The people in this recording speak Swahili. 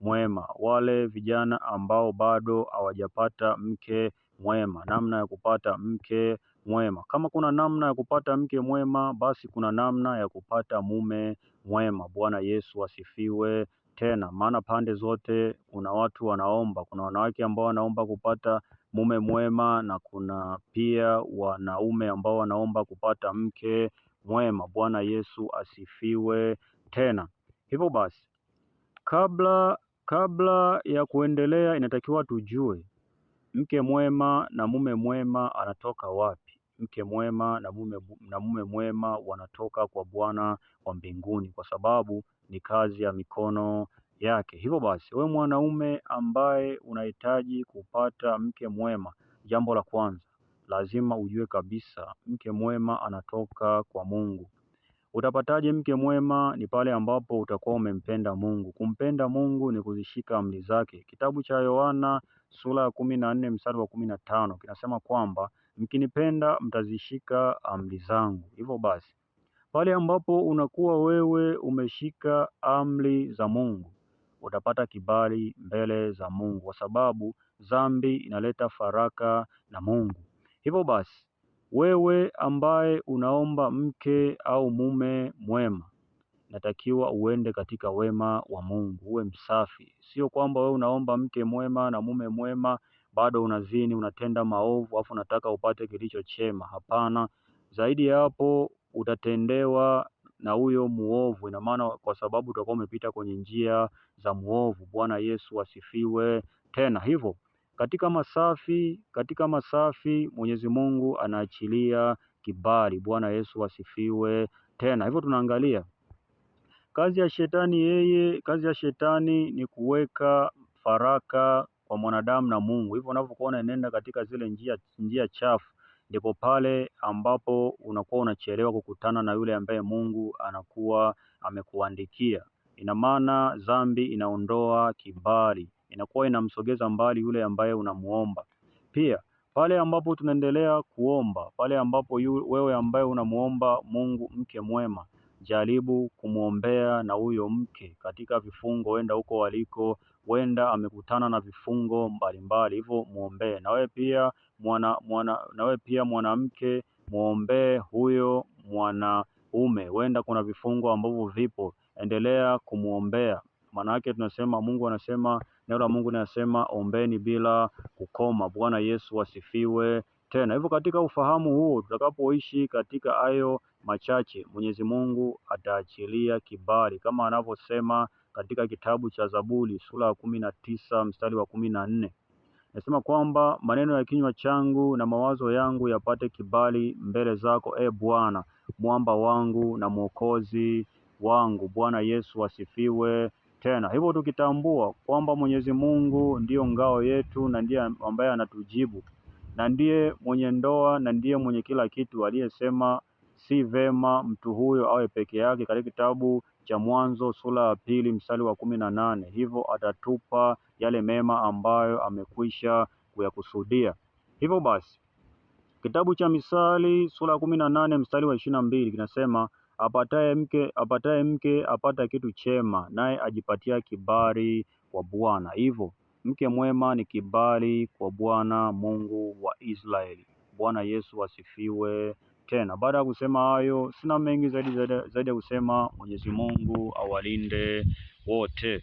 mwema, wale vijana ambao bado hawajapata mke mwema, namna ya kupata mke mwema. Kama kuna namna ya kupata mke mwema, basi kuna namna ya kupata mume mwema. Bwana Yesu asifiwe tena, maana pande zote kuna watu wanaomba. Kuna wanawake ambao wanaomba kupata mume mwema na kuna pia wanaume ambao wanaomba kupata mke mwema. Bwana Yesu asifiwe tena. Hivyo basi, kabla Kabla ya kuendelea, inatakiwa tujue mke mwema na mume mwema anatoka wapi? Mke mwema na mume, na mume mwema wanatoka kwa Bwana wa mbinguni, kwa sababu ni kazi ya mikono yake. Hivyo basi, wewe mwanaume ambaye unahitaji kupata mke mwema, jambo la kwanza lazima ujue kabisa mke mwema anatoka kwa Mungu. Utapataje mke mwema? Ni pale ambapo utakuwa umempenda Mungu. Kumpenda Mungu ni kuzishika amri zake. Kitabu cha Yohana sura ya kumi na nne mstari wa kumi na tano kinasema kwamba mkinipenda mtazishika amri zangu. Hivyo basi pale ambapo unakuwa wewe umeshika amri za Mungu utapata kibali mbele za Mungu, kwa sababu dhambi inaleta faraka na Mungu. Hivyo basi wewe ambaye unaomba mke au mume mwema, natakiwa uende katika wema wa Mungu, uwe msafi. Sio kwamba wewe unaomba mke mwema na mume mwema, bado unazini, unatenda maovu, afu unataka upate kilicho chema. Hapana, zaidi ya hapo utatendewa na huyo muovu. Ina maana kwa sababu utakuwa umepita kwenye njia za muovu. Bwana Yesu asifiwe tena hivyo katika masafi, katika masafi Mwenyezi Mungu anaachilia kibali. Bwana Yesu asifiwe. Tena hivyo tunaangalia kazi ya shetani, yeye kazi ya shetani ni kuweka faraka kwa mwanadamu na Mungu. Hivyo unavyokuona inaenda katika zile njia, njia chafu ndipo pale ambapo unakuwa unachelewa kukutana na yule ambaye Mungu anakuwa amekuandikia. Ina maana dhambi inaondoa kibali inakuwa inamsogeza mbali yule ambaye unamuomba. Pia pale ambapo tunaendelea kuomba, pale ambapo yu, wewe ambaye unamuomba Mungu mke mwema, jaribu kumwombea na huyo mke katika vifungo, wenda huko waliko, wenda amekutana na vifungo mbalimbali, hivyo muombee. Na wewe pia mwana, mwana, na wewe pia mwanamke muombee huyo mwanaume, wenda kuna vifungo ambavyo vipo, endelea kumwombea. Maana yake tunasema Mungu anasema neno la Mungu linasema ombeni bila kukoma. Bwana Yesu asifiwe tena. Hivyo katika ufahamu huo, tutakapoishi katika hayo machache, Mwenyezi Mungu ataachilia kibali kama anavyosema katika kitabu cha Zaburi sura ya kumi na tisa mstari wa kumi na nne nasema kwamba maneno ya kinywa changu na mawazo yangu yapate kibali mbele zako, e Bwana, mwamba wangu na mwokozi wangu. Bwana Yesu asifiwe tena. Hivyo tukitambua kwamba Mwenyezi Mungu ndiyo ngao yetu na ndiye ambaye anatujibu na ndiye mwenye ndoa na ndiye mwenye kila kitu, aliyesema si vema mtu huyo awe peke yake, katika kitabu cha Mwanzo sura ya pili mstari wa kumi na nane. Hivyo atatupa yale mema ambayo amekwisha kuyakusudia. Hivyo basi, kitabu cha Misali sura ya kumi na nane mstari wa ishirini na mbili kinasema Apataye mke, apataye mke apata kitu chema, naye ajipatia kibali kwa Bwana. Hivyo mke mwema ni kibali kwa Bwana Mungu wa Israeli. Bwana Yesu asifiwe. Tena baada ya kusema hayo, sina mengi zaidi zaidi ya kusema. Mwenyezi Mungu awalinde wote.